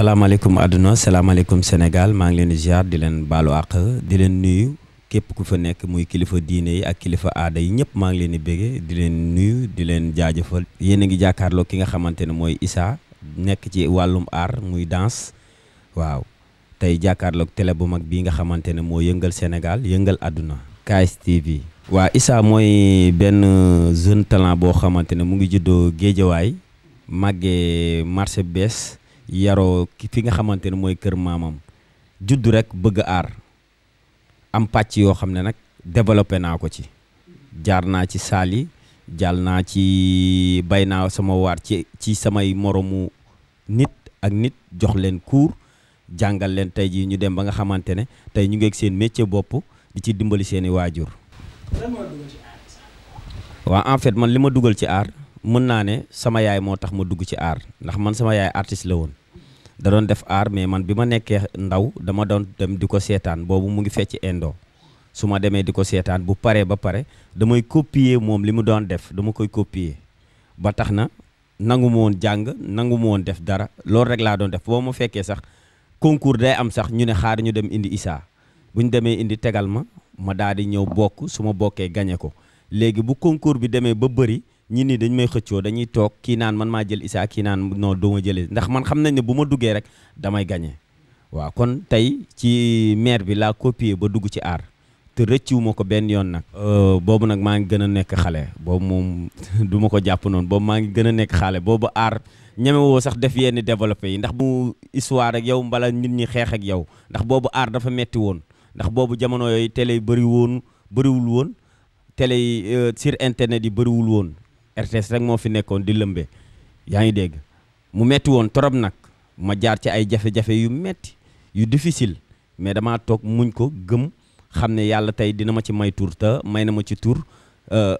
salaamaaleykum àdduna salaamaaleykum senegaal maa ngi leen di ziar di leen baalu àq di leen nuyu képp ku fa nekk muy kilifa diine yi ak kilifa aada yi ñëpp maa ngi leen di bége di leen nuyu di leen jaajëfal yéen a ngi jàkkaarloo ki nga xamante ne mooy Issa nekk ci wàllum aar muy danse waaw tey jàkkaarloog tele bu mag bii nga xamante ne moo yëngal Sénégal yëngal àdduna KSTV waa Issa mooy benn jeune talent boo xamante ne mu ngi juddoo Géejawaay màggee marché bees yaroo fi nga xamante ne mooy kër maamam judd rek bëgg aar am pàcc yoo xam ne nag développé naa ko ci jaar naa ci saali yi naa ci bay naa sama waar ci ci samay moroomu nit ak nit jox leen cours jàngal leen tey jii ñu dem ba nga xamante ne tey ñu ngi ak seen métier bopp di ci dimbali seeni waajur. waa en fait man li ma dugal ci aar mën naa ne sama yaay moo tax ma dugg ci aar ndax man sama yaay artiste la woon. da doon def aar mais man bi ma nekkee ndaw dama doon dem di ko seetaan boobu mu ngi fecc indo su ma demee di ko seetaan bu paree ba pare damay copier moom li mu doon def dama koy copier ba tax na nangu ma woon jàng nangu ma woon def dara loolu rek laa doon def boo ma fekkee sax concours day am sax ñu ne xaar ñu dem indi Issa bu ñu demee indi tegal ma ma daal di ñëw bokk su ma bokkee gañe ko léegi bu concours bi demee ba bëri ñi nii dañ may xëccoo dañuy toog kii naan man maa jël Issa kii naan non doo ma jëlee ndax man xam nañ ne bu ma duggee rek damay gagné waaw kon tey ci maire bi laa copier ba dugg ci aar te rëcciwuma ko benn yoon nag. Euh, boobu nag maa ngi gën a nekk xale boobu moom duma ko jàpp noonu boobu maa ngi gën a nekk xale boobu aar ñemewoo sax def yenn développé yi ndax bu histoire ak yow mbala nit ñi xeex ak yow ndax boobu aar dafa metti woon ndax boobu jamono yooyu télé yi bëri bëriwul woon télé yi euh, sur internet yi bëriwul woon. RTS rek moo fi nekkoon di lëmbee yaa ngi dégg mu metti woon trop nag ma jaar ci ay jafe-jafe yu metti yu difficile mais dama toog muñ ko gëm xam ne yàlla tey dina ma ci may tur te may na ma ci tur euh,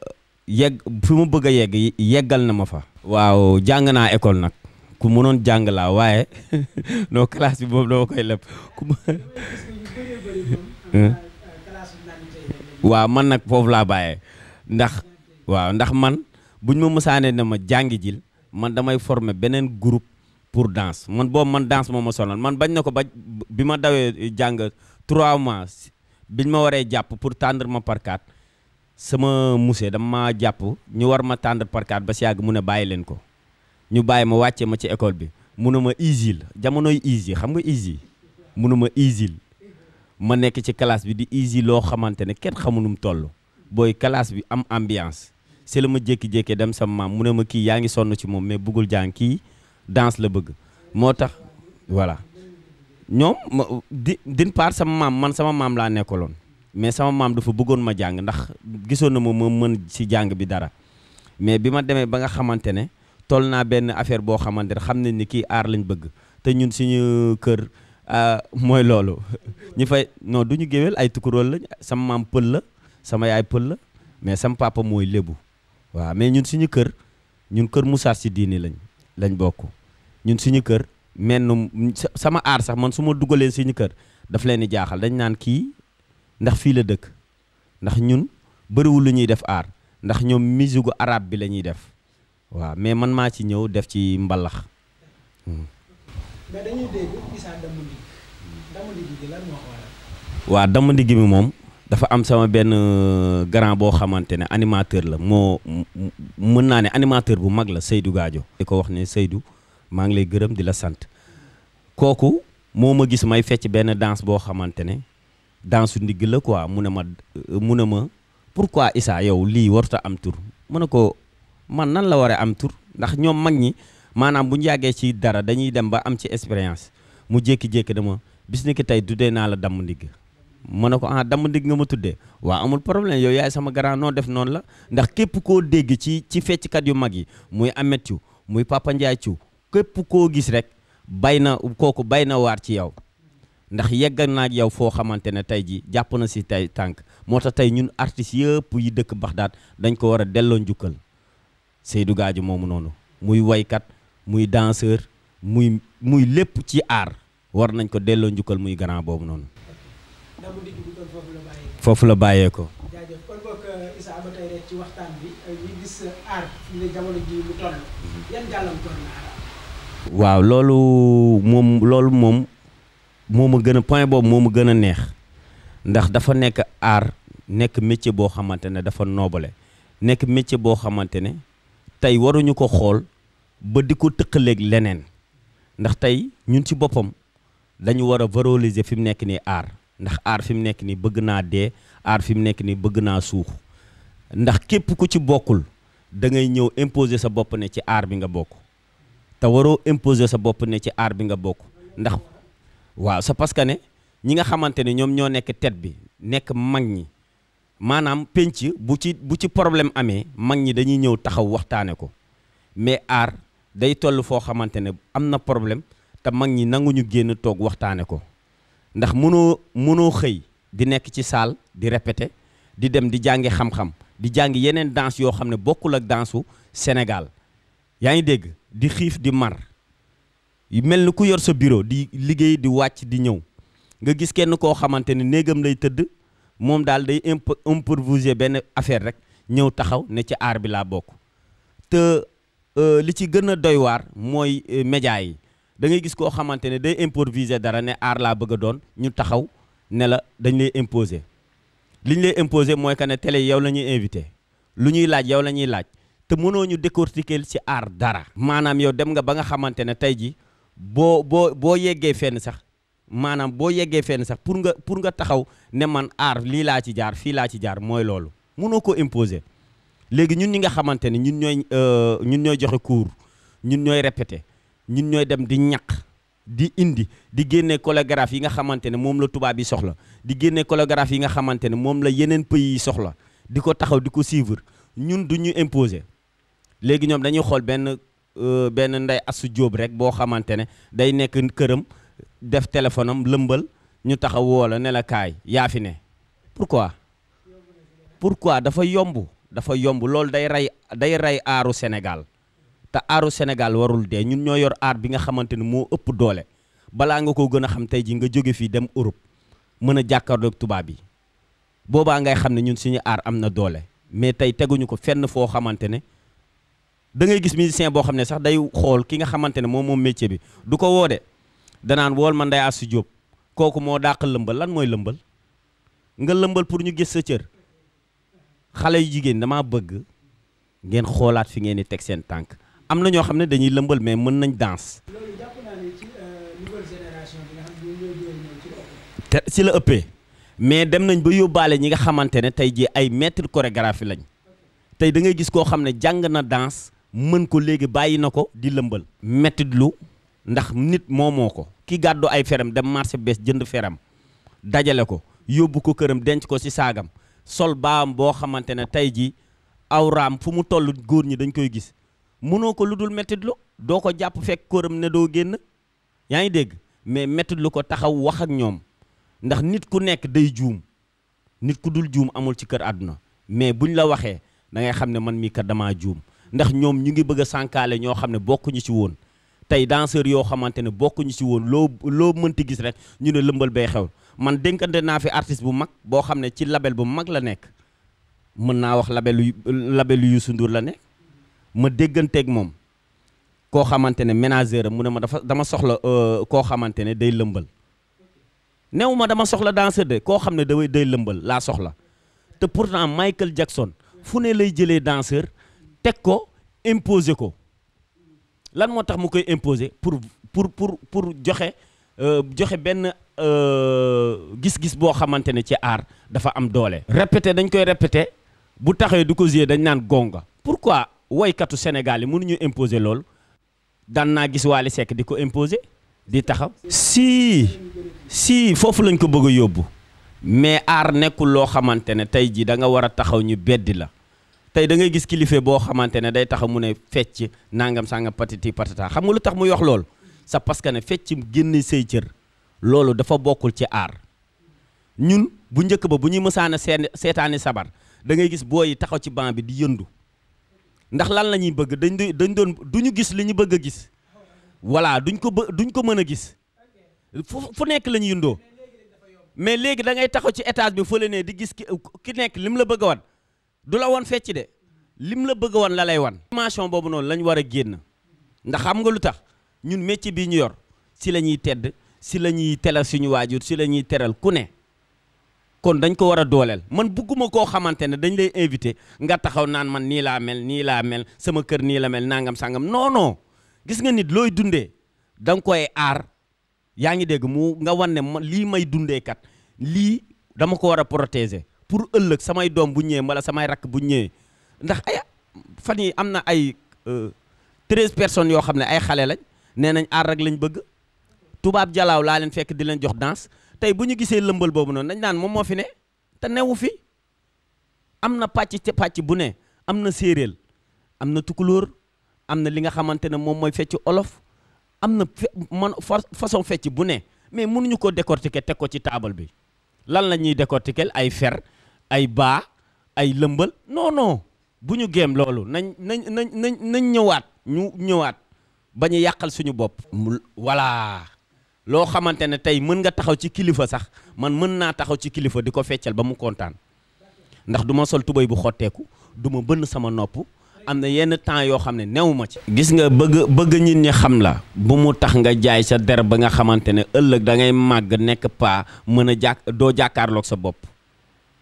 yegg fi ma bëgg a yegg yeggal na ma fa. waaw jàng naa école nag ku mënoon jàng laa waaye non classe bi moom dama koy leb waaw man nag foofu laa bàyyee ndax waaw ndax man. buñ ma mësaanee na ma jàngi jil man damay former beneen groupe pour danse man boobu man danse moo ma sonal man bañ na ko ba bi ma dawee eh, jàng trois mois biñ ma waree jàpp pour tendre ma par sama musée dama ma jàpp ñu war ma tendre par ba si yàgg mu ne bàyyi leen ko ñu bàyyi ma wàccee ma ci école bi mu ne ma isil jamonoy isil xam nga isil mu ne ma isil ma nekk ci classe bi di isil loo xamante ne kenn xamu nu booy classe bi am ambiance si la ma jékki-jékkee dem sama maam mu ne ma kii yaa ngi sonn ci moom mais bëggul jàng kii danse la bëgg moo tax voilà ñoom ma sama maam man sama maam laa nekkaloon mais sama maam dafa bëggoon ma jàng ndax gisoon na ma ma mën si jàng bi dara mais bi ma demee ba nga xamante ne toll naa benn affaire boo xamante ne xam nañ ni kii aar lañ bëgg te ñun suñu kër ah, mooy loolu ñu fay non du ay tukurool lañ sama maam pël la sama yaay pël la mais sama papa mooy lébu waaw mais ñun suñu kër ñun kër Moussa si diini lañ lañ bokk ñun suñu kër menn sama aar sax man su ma dugalee suñu kër daf leen di jaaxal dañ naan kii ndax fii la dëkk ndax ñun bariwul lu ñuy def aar ndax ñoom musigu arabe bi lañuy def waaw mais man maa ci ñëw def ci mbalax. waa hmm. dañuy di Issa moom dafa am sama benn euh, grand boo xamante ne animateur la moo mën naa ne animateur bu mag la Seydou Gadio di ko wax ne Seydou maa ngi lay gërëm di la sant kooku moo ma gis may fecc benn danse boo xamante ne danse su ndigg la quoi mun ne ma euh, mu ne ma pourquoi Issa yow lii waruta am tur mun ne ko man nan la war am tur ndax ñoom mag ñi maanaam bu ñu yàggee ci dara dañuy dem ba am ci expérience mu jékki-jékki dama bisi ni ki tey dee naa la damm ndigg mu ne ko ah damm digg nga ma tuddee waa amul problème yow yaay sama grand noo def noonu la ndax képp koo dégg ci ci fecckat yu mag yi muy Amet Thiou muy Papa Ndiaye Thiou képp koo gis rek bay na kooku bay na waar ci yow ndax yegg naa ak yow foo xamante ne tey ji jàpp na si tey tànk moo tax tey ñun artistes yëpp yi dëkk Baxdaad dañ ko war a delloo njukkal Seydou Gadio moomu noonu muy woykat muy danseur muy muy lépp ci aar war nañ ko delloo njukkal muy grand boobu noonu foofu la bàyyee ko. waaw loolu moom loolu moom moo ma gën a point boobu moo ma gën a neex ndax dafa nekk aar nekk métier boo xamante ne dafa noobale nekk métier boo xamante ne tey waruñu ko xool ba di ko tëqaleeg leneen ndax tey ñun ci boppam dañu war a valoriser fi mu nekk nii aar. ndax aar fi mu nekk nii bëgg naa dee aar fi mu nekk nii bëgg naa suux ndax képp ku ci bokkul da ngay ñëw imposer sa bopp ne ci aar bi nga bokk te waroo imposer sa bopp ne ci aar bi nga bokk ndax waaw c'est parce que ne ñi nga xamante ne ñoom ñoo nekk tet bi nekk mag ñi maanaam penc bu ci bu ci problème amee mag ñi dañuy ñëw taxaw waxtaane ko mais aar day toll foo xamante ne am na problème te mag ñi nanguñu génn toog waxtaane ko ndax mënoo mënoo xëy di nekk ci saal di répété di dem di jàngi xam-xam di jàngi yeneen danse yoo xam ne bokkul ak dansu Sénégal yaa ngi dégg di xiif di mar mel ni ku yor sa bureau di liggéey di wàcc di ñëw nga gis kenn koo xamante ne néegam lay tëdd moom daal day imp improviser benn affaire rek ñëw taxaw ne ci aar bi laa bokk te euh, li ci gën a doy mooy euh, média yi da ngay gis koo xamante ne day improviser dara ne aar laa bëgg doon ñu taxaw ne la dañ lay imposer li ñu lay imposer mooy que ne télé yow la ñuy invité lu ñuy laaj yow la ñuy laaj te mënoo ñu décortiquer si aar dara. maanaam yow dem nga ba nga xamante ne tey ji boo boo boo yeggee fenn sax maanaam boo yeggee fenn sax pour nga pour nga taxaw ne man aar lii laa ci jaar fii laa ci jaar mooy loolu mënoo ko imposer léegi ñun ñi nga xamante ne ñun ñooy euh, ñun ñooy joxe cours ñun ñooy répéter. ñun ñooy dem di ñaq di indi di génne colographe yi nga xamante ne moom la tubaab yi soxla di génne colographe yi nga xamante ne moom la yeneen pays yi soxla di ko taxaw di ko suivre ñun du ñu imposer léegi ñoom dañuy xool benn euh, benn ndey assu jóob rek boo xamante ne day nekk këram def téléphone am lëmbal ñu taxaw woo la ne la kaay yaa fi ne pour pourquoi dafa yombu dafa yomb loolu day rey day rey aaru Sénégal te aaru Sénégal warul de ñun ñoo yor aar bi nga xamante ne moo ëpp doole balaa nga ko gën a xam tey ji nga jóge fii dem Europe mën a jàkkaarloog tubaab yi boobaa ngay xam ne ñun suñu aar am na doole mais tey teguñu ko fenn foo xamante ne da ngay gis musicien boo xam ne sax day xool ki nga xamante ne moom moom métier bi du ko woode danaan wool ma Ndeye Astou Diop kooku moo dàq lëmbal lan mooy lëmbal nga lëmbal pour ñu gis sa cër xale yu jigéen dama bëgg ngeen xoolaat fi ngeen di teg seen tànk am na ñoo xam ne dañuy lëmbal mais mën nañ danse. Euh, te si la ëppee mais dem nañ ba yóbbaale ñi nga xamante ne tey jii ay maître chorégraphie lañ tey da ngay gis koo xam ne jàng na danse mën ko léegi bàyyi na ko di lëmbal. méttit lu ndax nit moomoo ko ki gàddu ay feram dem marché bees jënd feram dajale ko yóbbu ko këram denc ko si saagam sol baam boo xamante ne tey jii awraam fu mu toll góor ñi dañ koy gis. mënoo ko lu dul mettitlu doo ko jàpp fekk këram ne doo génn yaa ngi dégg mais mettitlu ko taxaw wax ak ñoom ndax nit ku nekk day juum nit ku dul juum amul ci kër àdduna mais buñ la waxee da ngay xam ne man mii kat damaa juum ndax ñoom ñu ngi bëgg a sànkaale ñoo xam ne bokkuñu ci woon tey danseur yoo xamante ne bokkuñu ci woon loo loo mënti gis rek ñu ne lëmbal bay xew man dénkante naa fi artiste bu mag boo xam ne ci label bu mag la nekk mën naa wax labelu labelu Youssou Ndour la nekk ma dégganteeg moom koo xamante ne ménagère am mu ne ma dafa dama soxla euh, koo xamante ne day lëmbal new ma dama soxla danseur de koo xam ne daway day lëmbal laa soxla te pourtant Michael Jackson fu ne lay jëlee danseur teg ko imposer ko lan moo tax mu koy imposer pour pour pour pour joxe euh, joxe benn euh, gis-gis boo xamante ne ci aar dafa am doole. répété dañ koy répété bu taxee du ko jouer dañ naan gonga pourquoi. woykatu Sénégal yi mënuñu imposer loolu daan naa gis Wally Seck di ko imposer di taxaw. si si foofu lañ ko bëgg a yóbbu mais aar nekkul loo xamante ne tey jii da nga war a taxaw ñu beddi la tey da ngay gis kilifa boo xamante ne day taxaw mu ne fecc nangam sanga patiti patata xam nga lu tax mu yox loolu sa parce que ne fecc génn say cër loolu dafa bokkul ci aar ñun bu njëkk ba bu ñuy mësaana a seetaani sabar da ngay gis booy taxaw ci banc bi di yëndu. ndax lan la ñuy bëgg dañ doon dañ doon du ñu gis li ñu bëgg a gis voilà duñ ko bë duñ ko mën a gis fu fu nekk la ñuy yundoo mais léegi da ngay taxaw ci étage bi fële ne di gis ki ki nekk lim la bëgg wan du la wan fecc de li mu la bëgg wan la lay wan. formation boobu noonu lañu war a génn ndax xam nga lu tax ñun métier bii ñu yor si la ñuy tedd si la ñuy teral suñu waajur si la ñuy teral ku ne. kon dañ ko war a dooleel man bugguma koo xamante ne dañ lay invité nga taxaw naan man nii laa mel nii laa mel sama kër nii la mel nangam sangam non gis nga nit looy dundee da nga koy aar yaa ngi dégg mu nga wan ne lii may dundee kat lii dama ko war a protéger pour ëllëg samay doom bu ñëwee wala samay rakk bu ñëwee ndax ay fan yi am na ay euh, treize personnes yoo xam ne ay xale lañ nee nañ aar rek lañ bëgg tubaab jalaaw laa leen fekk di leen jox danse tey bu ñu gisee lëmbal boobu noonu dañ naan moom moo fi ne te newu fi am na pàcc ca pàcc bu ne am na séeréel am na tukulóor am na li nga xamante ne moom mooy fecc olof am na man façon fecc bu ne mais mënuñu ko décortiquer teg ko ci taabal bi lan la ñuy décortiquer ay fer ay baa ay lëmbal non bu ñu géem loolu nañ nañ nañ nañ ñëwaat ñu ñëwaat bañ yàqal suñu bopp. voilà. loo xamante ne tey mën nga taxaw ci kilifa sax man mën naa taxaw ci kilifa di ko feccal ba mu kontaan ndax du ma sol tubéy bu xotteeku du ma bënn sama nopp am na yenn temps yoo xam ne newu ma ci. gis nga bëgg bëgg nit ñi xam la bu mu tax nga jaay sa der ba nga xamante ne ëllëg da ngay màgg nekk paa mën a jàkk doo jàkkaarloog sa bopp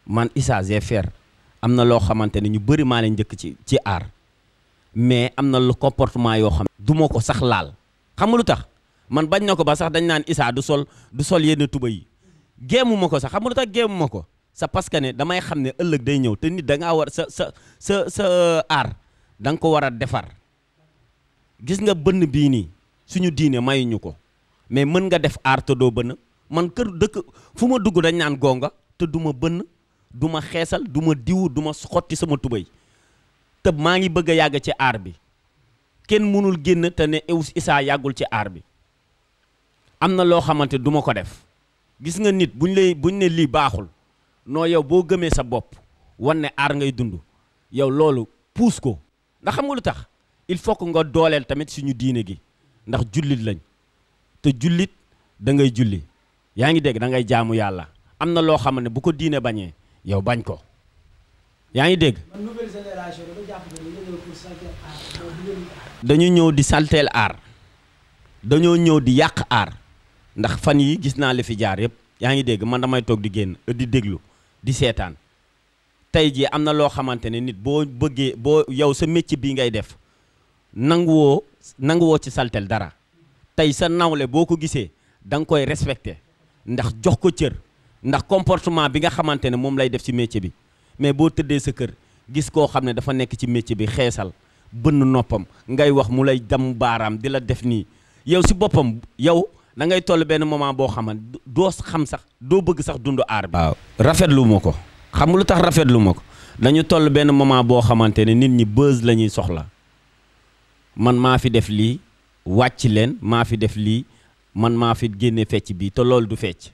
man Issa Zéfer am na loo xamante ne ñu bëri maa leen njëkk ci ci aar mais am na lu comportement yoo xam duma ko sax laal xam nga lu tax. man bañ na ko ba sax dañ naan Issa du sol du sol yenn tuba yi géemu ko sax xam nga lu tax géemu ma ko sa parce que ne damay xam ne ëllëg day ñëw te nit da ngaa war sa sa sa sa aar da nga ko war a defar gis nga bënn bii nii suñu diine mayuñu ko mais mën nga def aar te doo bënn man kër dëkk fu ma dugg dañ naan gonga te du ma bënn du ma xeesal du ma diw du ma xotti sama tubay te maa ngi bëgg a yàgg ci aar bi kenn mënul génn te ne Issa yàggul ci aar bi am na loo xamante du ma ko def gis nga nit buñ lay buñ ne lii baaxul noo yow boo gëmee sa bopp wan aar ngay dund yow loolu puus ko ndax xam nga lu tax il faut que nga dooleel tamit suñu diine gi ndax jullit lañ te jullit da ngay julli yaa ngi dégg da ngay jaamu yàlla am na loo xam ne bu ko diine bañee yow bañ ko yaa ngi dégg dañu ñëw di salteel aar dañoo ñëw di yàq aar ndax fan yi gis naa li fi jaar yëpp yaa ngi dégg man damay toog di génn di déglu di seetaan tey jii am na loo xamante ne nit boo bëggee boo yow sa métier bii ngay def nanguwoo nanguwoo ci saltel dara tey sa nawle boo ko gisee da nga koy respecté ndax jox ko cër ndax comportement bi nga xamante ne moom lay def ci métier bi mais boo tëddee sa kër gis koo xam ne dafa nekk ci métier bi xeesal bënn noppam ngay wax mu lay dam baaraam di la def nii yow si boppam da ngay toll benn moment boo xaman doo xam sax doo bëgg sax dund aar bi. waaw rafetlu ma ko xam tax rafetlu ma ko dañu toll benn moment boo xamante ne nit ñi buzz la ñuy soxla man maa fi def lii wàcc leen maa fi def lii man maa fi génne fecc bii te loolu du fecc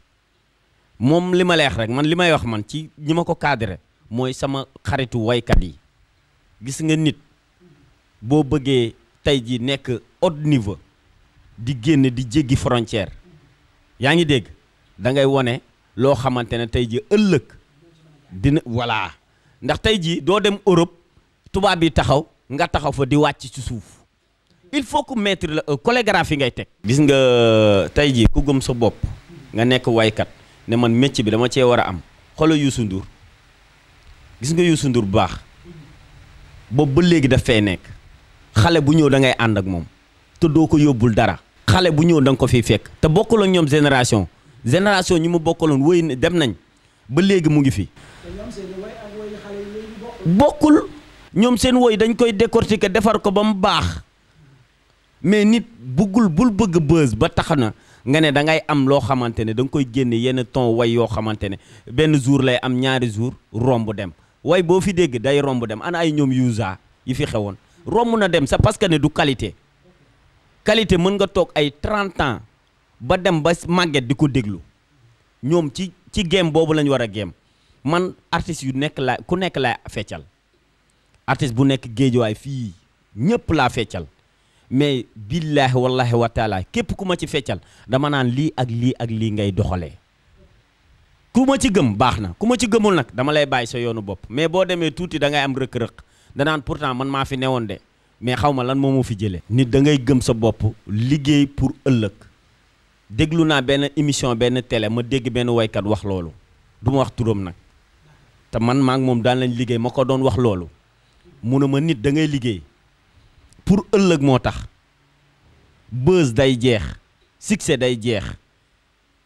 moom li ma leex rek man li may wax man ci ñi ma ko cadré mooy sama xaritu waykat yi gis nga nit boo bëggee tey ji nekk haut di génn di jéggi frontière yaa ngi dégg da ngay wone loo xamante ne tey ji ëllëg dina voilà ndax tey ji doo dem Europe tubaab yi taxaw nga taxaw fa di wàcc ci suuf il faut que maître la euh, chorégraphie ngay teg. gis nga euh, tey jii ku gëm sa bopp nga nekk waykat ne man métier bi dama cee war a am xoolal Youssou ndur gis nga Youssou Ndour bu baax boobu ba léegi daf fee nekk xale bu ñëw da ngay ànd ak moom te doo ko yóbbul dara xale bu ñëw da nga ko fiy fekk te bokkaloon ñoom génération génération ñu mu bokkaloon wéy na dem nañ ba léegi mu ngi fi. bokkul ñoom seen woy dañ koy décortiquer defar ko ba mu baax mais nit buggul bul bëgg bës ba tax na nga ne da ngay am loo xamante ne da nga koy génne yenn ton way yoo xamante ne benn jour lay am ñaari jour romb dem way boo fi dégg day romb dem ana ay ñoom yuusa yi fi xewoon romb na dem sa parce que ne du qualité. qualité mën nga toog ay 30 ans ba dem ba màgget di ko déglu ñoom ci ci game boobu lañu war a game man artiste yu nekk laa ku nekk laa feccal artiste bu nekk géejuwaay fii ñëpp laa feccal mais billaahi wallahi wa taala képp ku ma ci feccal dama naan lii ak lii ak lii ngay doxalee ku ma ci gëm baax na ku ma ci gëmul nag dama lay bàyyi sa yoonu bopp mais boo demee tuuti da ngay am rëkk-rëkk danaan pourtant man maa fi newoon de mais xaw ma lan moo fi jëlee. nit da ngay gëm sa bopp liggéey pour ëllëg déglu naa benn émission benn télé ma dégg benn woykat wax loolu du ma wax turam nag te man maa moom daan lañ liggéey ma ko doon wax loolu mu ne ma nit da ngay liggéey pour ëllëg moo tax buzz day jeex succès day jeex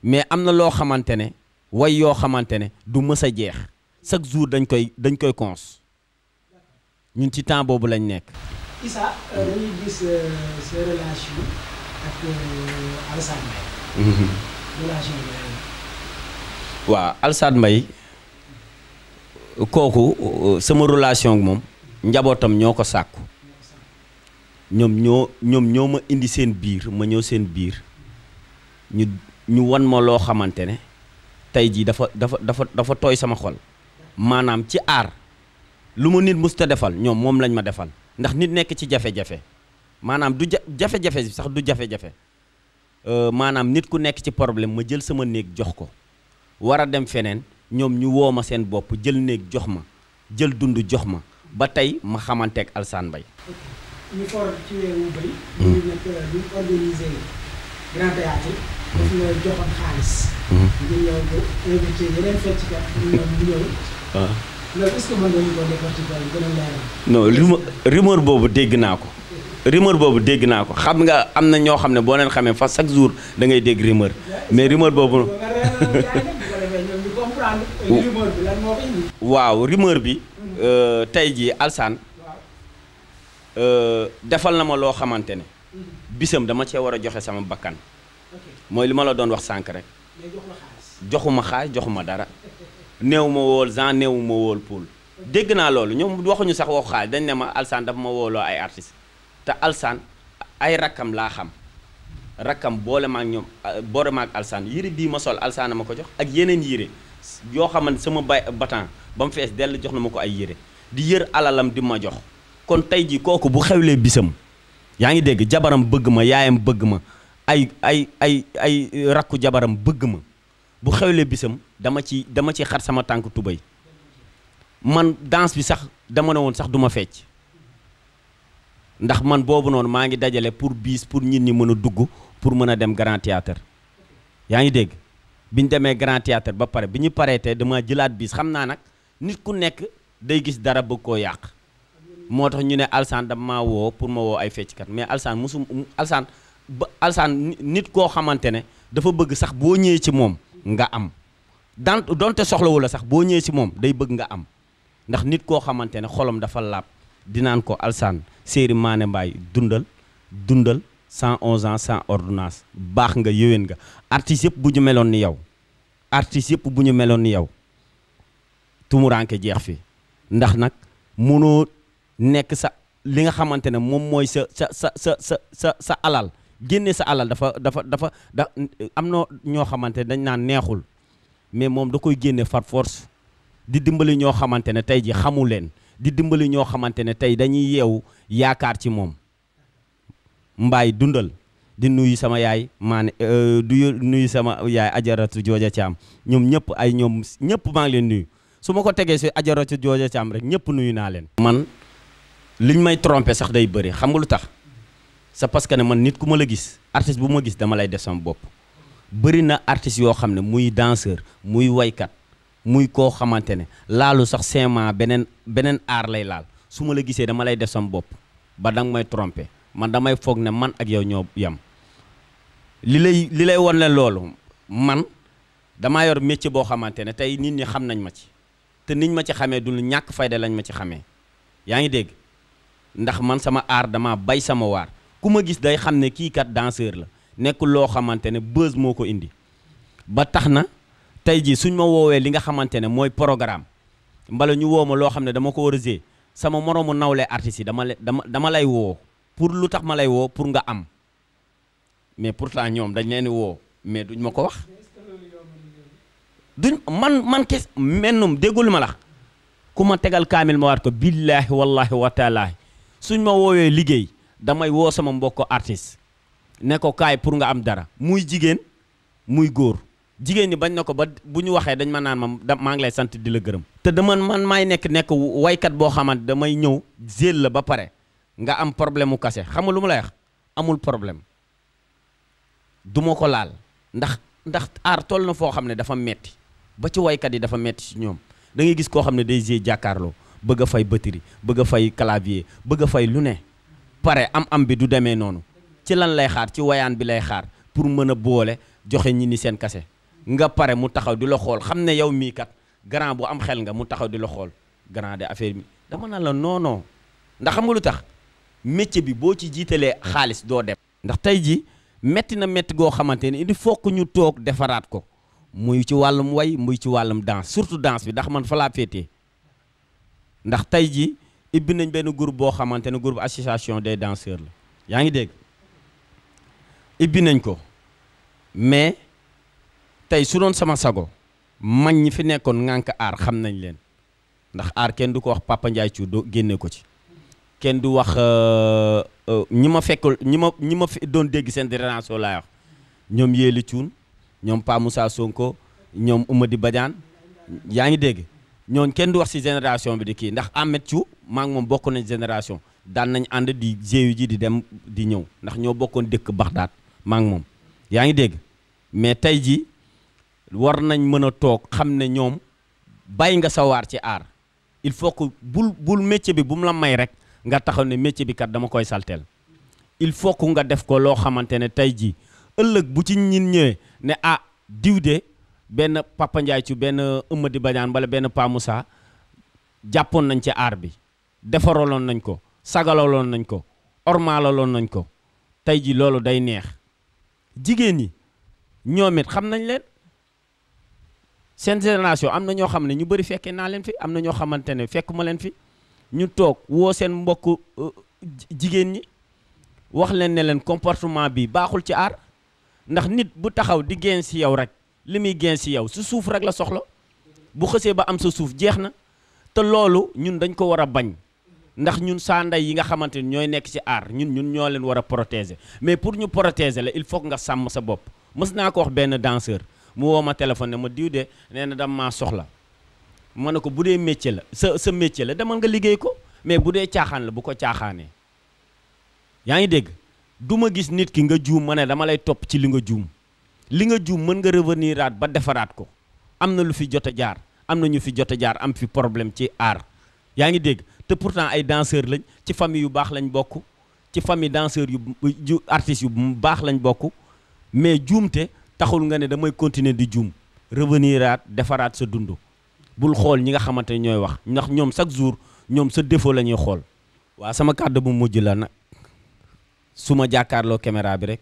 mais am na loo xamante ne way yoo xamante ne du mës a jeex chaque jour dañ koy dañ koy cons ñun ci temps boobu lañ nekk. Issa euh, dañuy gis euh, euh, mhm. waaw Alassane Mbaye kooku sama relation moom njabootam ñoo ko sàkku ñoom ñoo ñoom ñoo ma indi seen biir ma ñëw seen biir ñu ñu wan ma loo xamante ne tey jii dafa dafa dafa dafa tooy sama xol maanaam ci aar lu ma nit musta defal ñoom moom lañ ma defal. ndax nit nekk ci jafe-jafe maanaam du ja jafe-jafe sax du jafe-jafe euh, maanaam nit ku nekk ci problème ma jël sama néeg jox ko war a dem feneen ñoom ñu woo ma seen bopp jël néeg jox ma jël dund jox ma ba tey ma xamanteeg Alsaan Mbaye ñu for hmm. hmm. hmm. bay loolu est-ce boobu dégg naa ko. rumeur boobu dégg naa ko xam nga am na ñoo xam ne boo leen xamee fa chaque jour da ngay dégg rumeur mais rumeur boobu. waaw rumeur bi. Euh, tey jii Alsaan euh, defal na ma loo xamante ne. Mm-hmm. bisam dama cee war a joxe sama bakkan. mooy li ma la doon wax sànq rek. joxuma xaalis joxuma dara. néew ma wool Jean néew ma wool Paul dégg naa loolu ñoom waxuñu sax waxu xaalis dañ ne ma Alsaan dafa ma wooloo ay artistes te Alsaan ay rakkam laa xam rakkam boole maag yére bii ma sol Alsaan ma ko jox ak yeneen yére yoo xamante sama bay batan ba fees dell jox na ma ko ay yére di yër alalam di ma jox kon tey ji kooku bu xewlee bisam yaa ngi dégg jabaram bëgg ma yaayam bëgg ma ay ay ay ay rakku jabaram bëgg ma bu xewlee bisam dama ci dama ci xar sama tànk tubay man danse bi sax dama ne woon sax duma fecc ndax man boobu noonu maa ngi dajale pour biis pour nit ñi mën a dugg pour mën a dem grand théâtre yaa ngi dégg bi ñu demee grand théâtre ba pare bi ñu paree te dama jëlaat biis xam naa nag nit ku nekk day gis dara bëgg koo yàq moo tax ñu ne alsaan dama maa woo pour ma woo ay fecckat mais alsaan musum alsaan ba alsaan nit koo xamante ne dafa bëgg sax boo ñëwee ci moom nga am dant doonte soxlawu sax boo ñëwee si moom day bëgg nga am ndax nit koo xamante ne xolam dafa laab dinaan ko alsaan séeri maane mbaay dundal dundal 111 ans sans ordonnance baax nga yéwén nga artiste yëpp bu ñu meloon ni yow artiste yëpp bu ñu meloon ni yow tumuranke jeex fi ndax nag mënoo nekk sa li nga xamante ne moom mooy sa sa sa sa sa sa sa alal génne sa alal dafa dafa dafa da am na ñoo xamante dañ naan neexul mais moom da koy génne far force di dimbali ñoo xamante ne tey ji xamu leen di dimbali ñoo xamante ne tey dañuy yeewu yaakaar ci moom mbaay dundal di nuyu sama yaay maane euh, du nuyu sama yaay ajaratu jooja caam ñoom ñëpp ay ñoom ñëpp maa ngi leen nuyu su ma ko tegee si ajaratu jooja caam rek ñëpp nuyu naa leen man liñ may trompé sax day bëri xam nga lu tax c'est parce que ne man nit ku ma la gis artiste bu ma gis dama lay def sama bopp bëri na artiste yoo xam ne muy danseur muy waykat muy koo xamante ne laalu sax ciment beneen beneen aar lay laal su ma la gisee dama lay def sama bopp ba danga may tromper man damay foog ne man ak yow ñoo yem li lay li lay won leen loolu man damaa yor métier boo xamante ne tey nit ñi xam nañ ma ci te niñ ma ci xamee du ñàkk fayde lañ ma ci xamee yaa ngi dégg ndax man sama aar dama bay sama waar ku ma gis day xam ne kii kat danseur la nekkul loo xamante ne buzz moo ko indi ba tax na tey jii suñ ma woowee li nga xamante ne mooy programme mbala ñu woo ma loo xam ne dama ko war a gérer sama moroomu nawle artistes yi dama lay dama dama lay woo pour lu tax ma lay woo pour nga am mais pourtant ñoom dañ leen woo mais duñ ma ko wax duñ man man kes mennum déggul ma la ku ma tegal kaamil ma waat ko billaahi wallaahi wa suñ ma woowee liggéey damay woo sama mbokk artiste ne kaay pour nga am dara muy jigéen muy góor jigéen ñi bañ na ko ba bu ñu waxee dañ ma naan ma maa ngi lay sant di la gërëm. te dama man maay nekk nekk waykat boo xamante damay ñëw zéel la ba pare nga am problème mu kase xam nga lu ma la wax amul problème duma ko laal ndax ndax aar toll na foo xam ne dafa metti ba ci waykat yi dafa metti ci ñoom da ngay gis koo xam ne day jé jàkkaarloo bëgg fay batterie bëgg a fay clavier bëgg fay lu ne. pare am-am bi du demee noonu ci lan lay xaar ci wayaan bi lay xaar pour mën a boole joxe ñi ni seen kase nga pare mu taxaw di la xool xam ne yow mii kat grand bu am xel nga mu taxaw di la xool grand de affaire bi dama naan la noonoo ndax xam nga lu tax métier bi boo ci jiitalee xaalis doo dem. ndax tey jii métti na métti goo xamante ni il faut ñu toog defaraat ko muy ci wàllum way muy ci wàllum danse surtout danse bi ndax man fa laa féetee ndax tey jii. ibbi nañ benn groupe boo xamante ne group association des danseurs la yaa ngi dégg ibbi nañ ko mais tey su doon sama sago mañ ñi fi nekkoon ngànk aar xam nañ leen ndax aar kenn du ko wax Papa Ndiaye doo génne ko ci kenn du wax euh, euh, ñi ma fekkul ñi ma ñi ma fi doon dégg seen dérénation laay ñoom Yéli Thioune ñoom Pa Moussa Sonko ñoom di bajaan yaa ngi dégg ñooñ kenn du wax si génération bi di kii ndax Ahmed Thiou maa moom bokk nañ génération daan nañ ànd di géeyu ji di dem di ñëw ndax ñoo bokkoon dëkk Baxdaad maa moom yaa ngi dégg mais tey ji war nañ mën a toog xam ne ñoom bàyyi nga sawaar ci aar il faut que bul bul métier bi bu mu la may rek nga taxaw ne métier bi kat dama koy salteel il faut que nga def ko loo xamante ne tey jii ëllëg bu ci ñin ñëwee ne ah diw benn Papa ci benn Eumeudi Badiane wala benn Pa Moussa jàppoon nañ ci aar bi defaraloon nañ ko sagalaloon nañ ko ormaalaloon nañ ko tey ji loolu day neex jigéen ñi ñoom it xam nañ leen seen génération am na ñoo xam ne ñu bari fekkee naa leen fi am na ñoo xamante ne fekk ma leen fi ñu toog woo seen mbokk euh, jigéen ñi wax leen ne leen comportement bi baaxul ci aar ndax nit bu taxaw di génn si yow rek li muy génn si yow su suuf rek la soxla bu xësee ba am sa suuf jeex na te loolu ñun dañ ko war a bañ ndax ñun saa ndey yi nga xamante ni ñooy nekk ci aar ñun ñun ñoo leen war a protéger mais pour ñu protéger la il faut nga sàmm sa bopp mës naa ko wax benn danseur mu woo ma téléphone ne ma diw de nee na dama maa soxla ma ne ko bu dee métier la sa sa métier la demal nga liggéey ko mais bu dee caaxaan la bu ko caaxaanee yaa ngi dégg duma gis nit ki nga juum ma ne dama lay topp ci li nga juum li nga juum mën nga revenir aat ba defaraat ko am na lu fi jot a jaar am na fi jot a jaar am fi problème ci aar yaa ngi dégg te pourtant ay danseur lañ ci famille yu baax lañ bokk ci famille danseur yu artistes yu baax lañ bokk mais juumte taxul nga ne damay continuer di juum revenir aat defaraat sa dund bul xool ñi nga xamante ne ñooy wax ndax ñoom chaque jour ñoom sa défaut la ñuy xool waa sama kàddu bu mujj la nag su ma jàkkaarloo caméra bi rek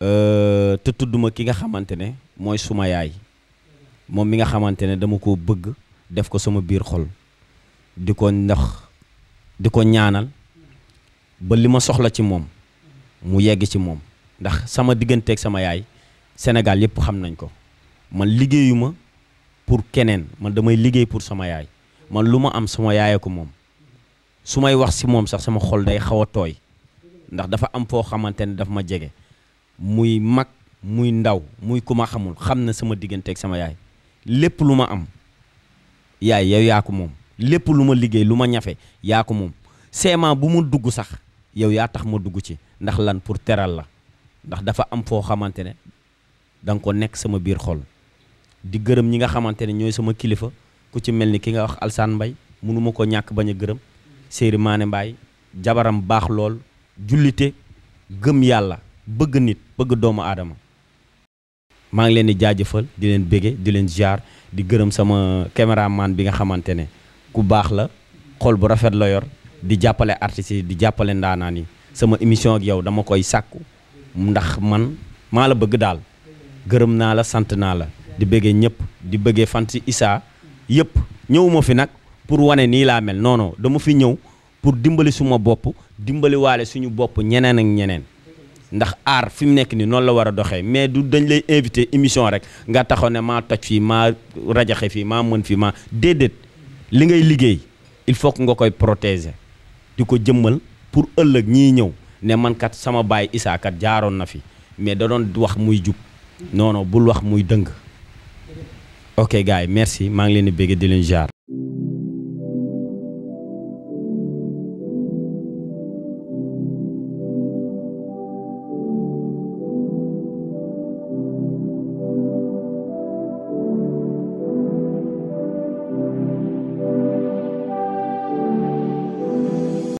euh, te tudduma ki nga xamante ne mooy suma yaay moom mi nga xamante ne dama koo bëgg def ko sama biir xool di ko ndax di ko ñaanal ba li ma soxla ci moom mu yegg ci moom ndax sama digganteeg sama yaay Sénégal yëpp xam nañ ko man liggéeyuma pour keneen man damay liggéey pour sama yaay man lu ma am sama yaayee ko moom su may wax si moom sax sama xol day xaw a tooy ndax dafa am foo xamante ne daf ma jege muy mag muy ndaw muy ku ma xamul xam na sama digganteeg sama yaay lépp lu ma am yaay yow yaa moom lépp lu ma liggéey lu ma ñafe yaa ko moom seement bu mu dugg sax yow yaa tax ma dugg ci ndax lan pour teral la ndax dafa am foo xamante ne da ko nekk sama biir xol di gërëm ñi nga xamante ne ñooy sama kilifa ku ci mel ni ki nga wax Alsaan Mbay mënuma ko ñàkk bañ a gërëm Séeri Maane Mbaay jabaram baax lool jullite gëm yàlla bëgg nit bëgg doomu aadama maa ngi leen di jaajëfal di leen bége di leen ziar di gërëm sama caméraman bi nga xamante ne ku baax la xol bu rafet la yor di jàppale artistes di jàppale ndaanaan yi sama émission ak yow dama koy sàkku ndax man maa la bëgg daal gërëm naa la sant naa la di bëggee ñëpp di bëggee fant si Issa yëpp ñëwuma fi nag pour wane nii laa mel non dama fi ñëw pour dimbali suma bopp dimbali waale suñu bopp ñeneen ak ñeneen ndax aar fi mu nekk nii noonu la war a doxee mais du dañ lay invité émission rek nga taxaw ne maa toj fii maa rajaxe fii maa mën fii maa déedéet li ngay liggéey il faut que nga koy protéger di ko jëmmal pour ëllëg ñii ñëw ne mankat sama baay Issa jaaroon na fi mais da doon wax muy jub non bul wax muy dëng ok gars yi merci maa ngi leen di bégg di leen jaar.